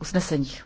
usneseních.